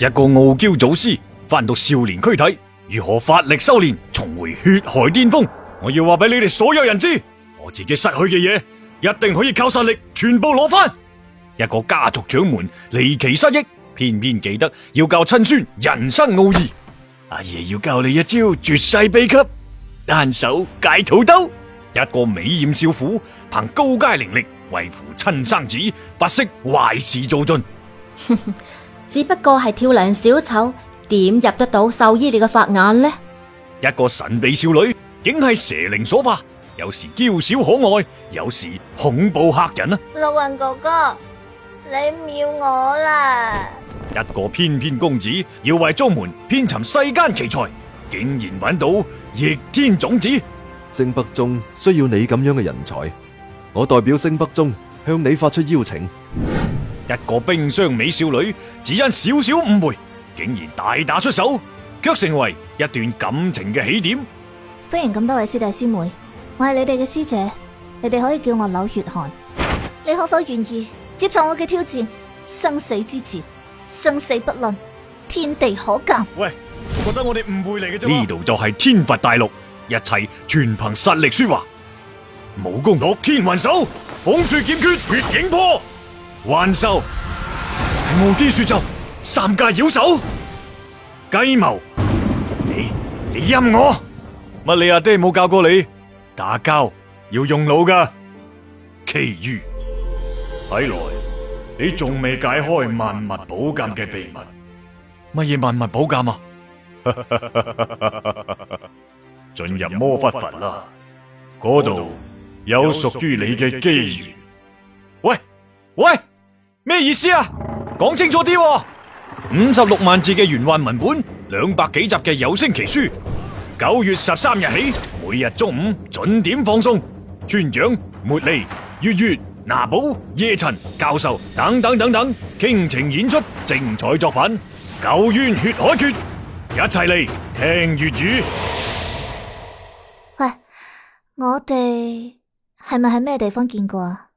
一個傲嬌祖師翻到少年軀體，如何發力修煉，重回血海巔峰？我要話俾你哋所有人知，我自己失去嘅嘢，一定可以靠實力全部攞翻。一個家族掌門離奇失憶，偏偏記得要教親孫人生奧義。 阿爺要教你一招絕世秘笈，單手解土豆。一個美艷少婦憑高階靈力為護親生子，不惜壞事做盡。只不過係跳梁小丑，點入得到獸醫你嘅法眼呢？一個神秘少女，竟係蛇靈所化，有時嬌小可愛，有時恐怖嚇人啊！陸雲哥哥，你唔要我啦！一個翩翩公子，要為宗門遍尋世間奇才，竟然揾到逆天種子。星北宗需要你咁樣嘅人才，我代表星北宗向你發出邀請。一個冰霜美少女，只因少少誤會，竟然大打出手，卻成為一段感情嘅起點。歡迎咁多位師弟師妹，我係你哋嘅師姐，你哋可以叫我柳月寒。你可否願意接受我嘅挑戰？生死之戰，生死不論，天地可鑒。喂，我覺得我哋誤會嚟嘅啫。呢度就係天罰大陸，一切全憑實力說話。武功落天雲手，捧雪劍決，血影破。幻獸係無敵絕招，三界妖獸計謀，你你陰我乜？你阿爹冇教過你打交要用腦噶？其餘睇來你仲未解開萬物寶鑑嘅秘密，乜嘢萬物寶鑑啊？進 入魔法佛啦，嗰度有屬於你嘅機遇。喂喂！咩意思啊？講清楚啲喎！五十六萬字嘅玄幻文本，兩百幾集嘅有聲奇書，九月十三日起，每日中午準點放送。村長、茉莉、月月、拿寶、夜塵、教授等等等等，傾情演出精彩作品《九淵血海訣》，一齊嚟聽粵語。喂，我哋係咪喺咩地方見過啊？